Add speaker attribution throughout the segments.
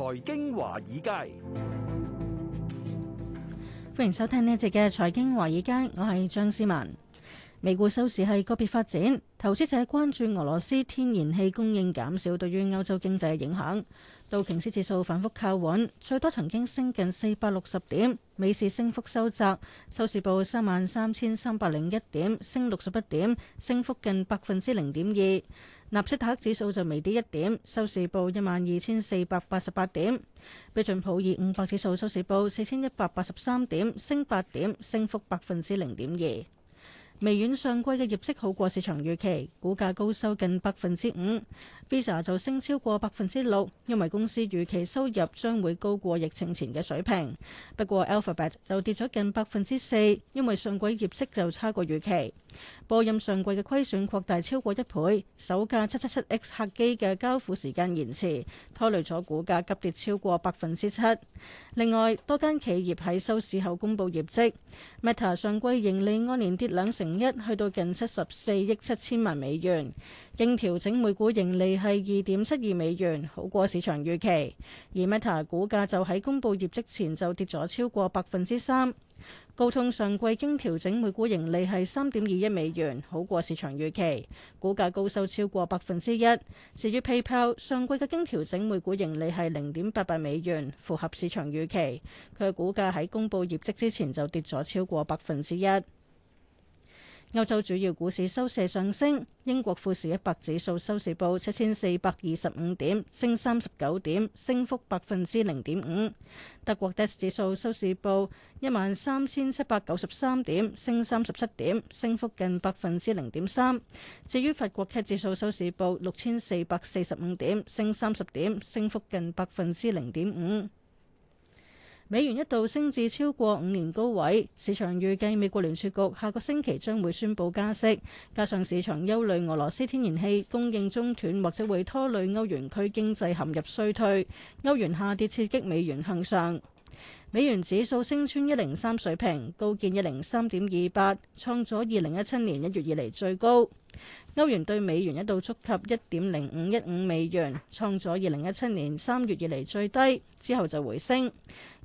Speaker 1: 財經華
Speaker 2: 爾街，歡迎收聽呢一節嘅財經華爾街，我係張思文。美股收市係個別發展，投資者關注俄羅斯天然氣供應減少對於歐洲經濟嘅影響。道瓊斯指數反覆靠穩，最多曾經升近四百六十點。美市升幅收窄，收市報三萬三千三百零一點，升六十一點，升幅近百分之零點二。納斯達克指數就微跌一點，收市報一萬二千四百八十八點。標準普爾五百指數收市報四千一百八十三點，升八點，升幅百分之零點二。微軟上季嘅業績好過市場預期，股價高收近百分之五。Visa 就升超過百分之六，因為公司預期收入將會高過疫情前嘅水平。不過 Alphabet 就跌咗近百分之四，因為上季業績就差過預期。波音上季嘅虧損擴大超過一倍，首架 777X 客機嘅交付時間延遲，拖累咗股價急跌超過百分之七。另外，多間企業喺收市後公布業績，Meta 上季盈利按年跌兩成一，去到近七十四億七千萬美元，經調整每股盈利係二點七二美元，好過市場預期。而 Meta 股價就喺公布業績前就跌咗超過百分之三。高通上季經調整每股盈利係三點二一美元，好過市場預期，股價高收超過百分之一。至於 PayPal，上季嘅經調整每股盈利係零點八八美元，符合市場預期。佢嘅股價喺公佈業績之前就跌咗超過百分之一。歐洲主要股市收市上升，英國富時一百指數收市報七千四百二十五點，升三十九點，升幅百分之零點五。德國 DAX 指數收市報一萬三千七百九十三點，升三十七點，升幅近百分之零點三。至於法國 CAC 指數收市報六千四百四十五點，升三十點，升幅近百分之零點五。美元一度升至超過五年高位，市場預計美國聯儲局下個星期將會宣布加息，加上市場憂慮俄羅斯天然氣供應中斷或者會拖累歐元區經濟陷入衰退，歐元下跌刺激美元向上，美元指數升穿一零三水平，高見一零三點二八，創咗二零一七年一月以嚟最高。歐元兌美元一度觸及一點零五一五美元，創咗二零一七年三月以嚟最低，之後就回升。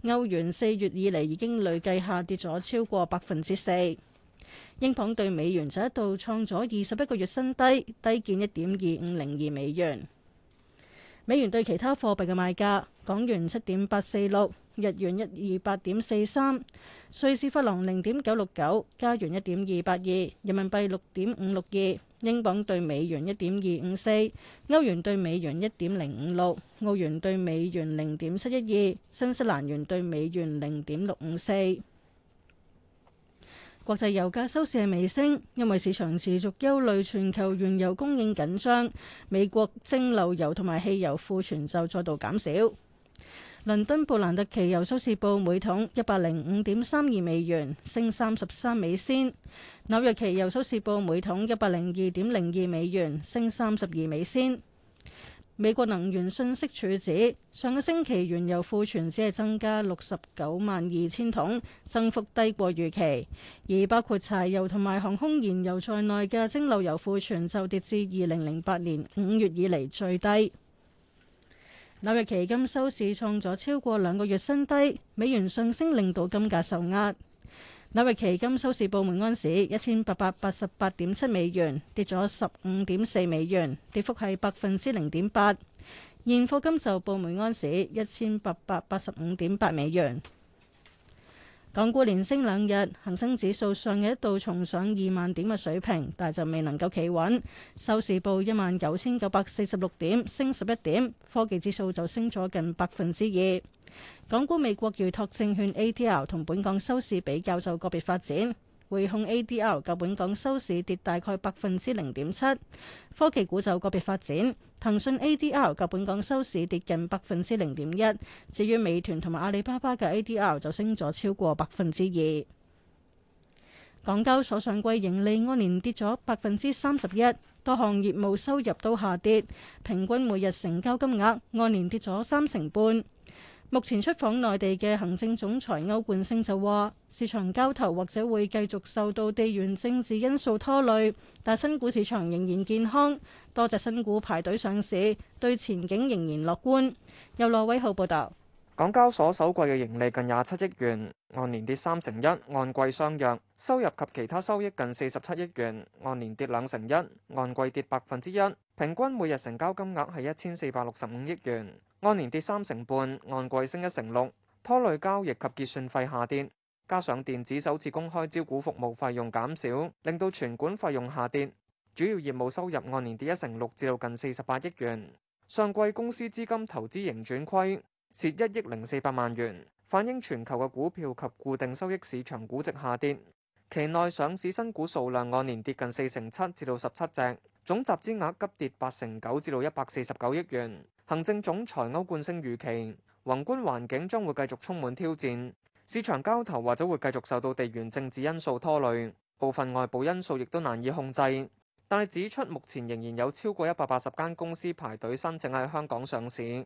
Speaker 2: 歐元四月以嚟已經累計下跌咗超過百分之四。英鎊兌美元就一度創咗二十一個月新低，低見一點二五零二美元。美元對其他貨幣嘅賣價，港元七點八四六。日元一二八點四三，瑞士法郎零點九六九，加元一點二八二，人民幣六點五六二，英鎊兌美元一點二五四，歐元兌美元一點零五六，澳元兌美元零點七一二，新西蘭元兌美元零點六五四。國際油價收市係微升，因為市場持續憂慮全球原油供應緊張，美國蒸餾油同埋汽油庫存就再度減少。倫敦布蘭特期油收市報每桶一百零五點三二美元，升三十三美仙；紐約期油收市報每桶一百零二點零二美元，升三十二美仙。美國能源信息署指，上個星期原油庫存只係增加六十九萬二千桶，增幅低過預期，而包括柴油同埋航空燃油在內嘅蒸餾油庫存就跌至二零零八年五月以嚟最低。紐約期金收市創咗超過兩個月新低，美元上升令到金價受壓。紐約期金收市報每安士一千八百八十八點七美元，跌咗十五點四美元，跌幅係百分之零點八。現貨金就報每安士一千八百八十五點八美元。港股連升兩日，恒生指數上日一度重上二萬點嘅水平，但係就未能夠企穩。收市報一萬九千九百四十六點，升十一點。科技指數就升咗近百分之二。港股美國預託證券 ATL 同本港收市比較就個別發展。匯控 ADR 較本港收市跌大概百分之零點七，科技股就個別發展。騰訊 ADR 較本港收市跌近百分之零點一，至於美團同埋阿里巴巴嘅 ADR 就升咗超過百分之二。港交所上季盈利按年跌咗百分之三十一，多項業務收入都下跌，平均每日成交金額按年跌咗三成半。目前出訪內地嘅行政總裁歐冠星就話，市場交投或者會繼續受到地緣政治因素拖累，但新股市場仍然健康，多隻新股排隊上市，對前景仍然樂觀。由羅偉浩報道。
Speaker 1: 港交所首季嘅盈利近廿七億元，按年跌三成一，按季相若。收入及其他收益近四十七億元，按年跌兩成一，按季跌百分之一。平均每日成交金額係一千四百六十五億元，按年跌三成半，按季升一成六。拖累交易及結算費下跌，加上電子首次公開招股服務費用減少，令到存管費用下跌。主要業務收入按年跌一成六，至到近四十八億元。上季公司資金投資盈轉虧。蝕一億零四百萬元，反映全球嘅股票及固定收益市場估值下跌。期內上市新股數量按年跌近四成七，至到十七隻，總集資額急跌八成九，至到一百四十九億元。行政總裁歐冠星預期，宏觀環境將會繼續充滿挑戰，市場交投或者會繼續受到地緣政治因素拖累，部分外部因素亦都難以控制。但係指出，目前仍然有超過一百八十間公司排隊申請喺香港上市。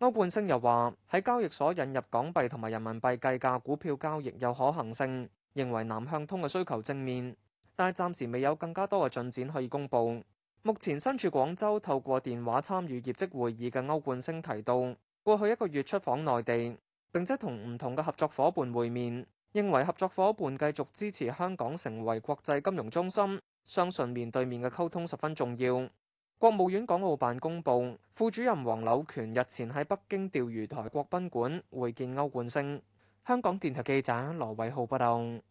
Speaker 1: 歐冠星又話喺交易所引入港幣同埋人民幣計價股票交易有可行性，認為南向通嘅需求正面，但係暫時未有更加多嘅進展可以公布。目前身處廣州，透過電話參與業績會議嘅歐冠星提到，過去一個月出訪內地，並且同唔同嘅合作夥伴會面，認為合作夥伴繼續支持香港成為國際金融中心，相信面對面嘅溝通十分重要。國務院港澳辦公佈，副主任黃柳權日前喺北京釣魚台國賓館會見歐冠昇。香港電台記者羅偉浩報道。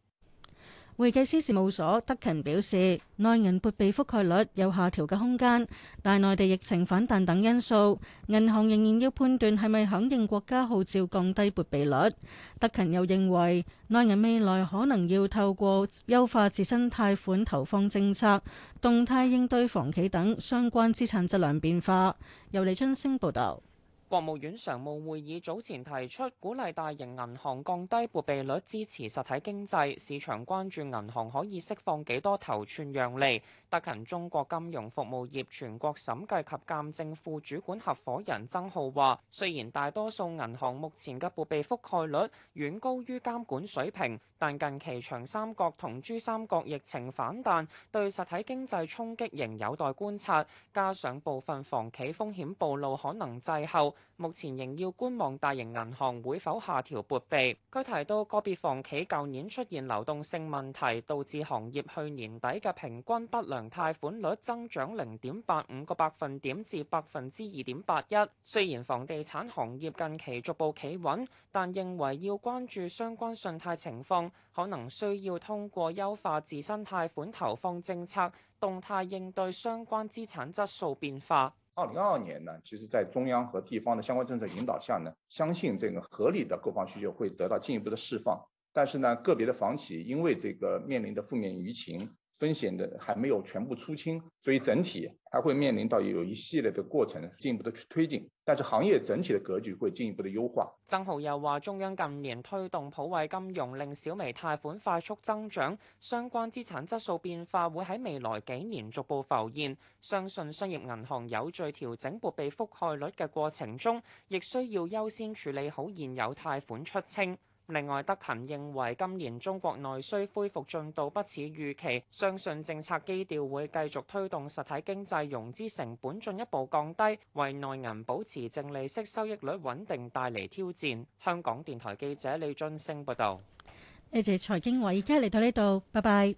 Speaker 2: 會計師事務所德勤表示，內銀撥備覆蓋率有下調嘅空間，但內地疫情反彈等因素，銀行仍然要判斷係咪響應國家號召降低撥備率。德勤又認為，內銀未來可能要透過優化自身貸款投放政策，動態應對房企等相關資產質量變化。由李春升報導。
Speaker 3: 國務院常務會議早前提出，鼓勵大型銀行降低撥備率，支持實體經濟。市場關注銀行可以釋放幾多頭寸讓利。德勤中國金融服務業全國審計及鑑證副主管合伙人曾浩話，雖然大多數銀行目前嘅撥備覆蓋率遠高於監管水平。但近期長三角同珠三角疫情反彈對實體經濟衝擊仍有待觀察，加上部分房企風險暴露可能滯後，目前仍要觀望大型銀行會否下調撥備。佢提到，個別房企舊年出現流動性問題，導致行業去年底嘅平均不良貸款率增長零點八五個百分點至百分之二點八一。雖然房地產行業近期逐步企穩，但認為要關注相關信貸情況。可能需要通過優化自身貸款投放政策，動態應對相關資產質素變化。二零二二年呢，其實，在中央和地方的相關政策引導下呢，相信這個合理的購房需求會得到進一步的釋放。但是呢，個別的房企因為這個面臨的負面輿情。風險的還沒有全部出清，所以整體還會面臨到有一系列的過程，進一步的去推進，但是行業整體的格局會進一步的優化。曾浩又話中央近年推動普惠金融，令小微貸款快速增長，相關資產質素變化會喺未來幾年逐步浮現，相信商業銀行有序調整撥備覆蓋率嘅過程中，亦需要優先處理好現有貸款出清。另外，德勤認為今年中國內需恢復進度不似預期，相信政策基調會繼續推動實體經濟融資成本進一步降低，為內銀保持淨利息收益率穩定帶嚟挑戰。香港電台記者李進星報道：
Speaker 2: 「一節財經委，而家嚟到呢度，拜拜。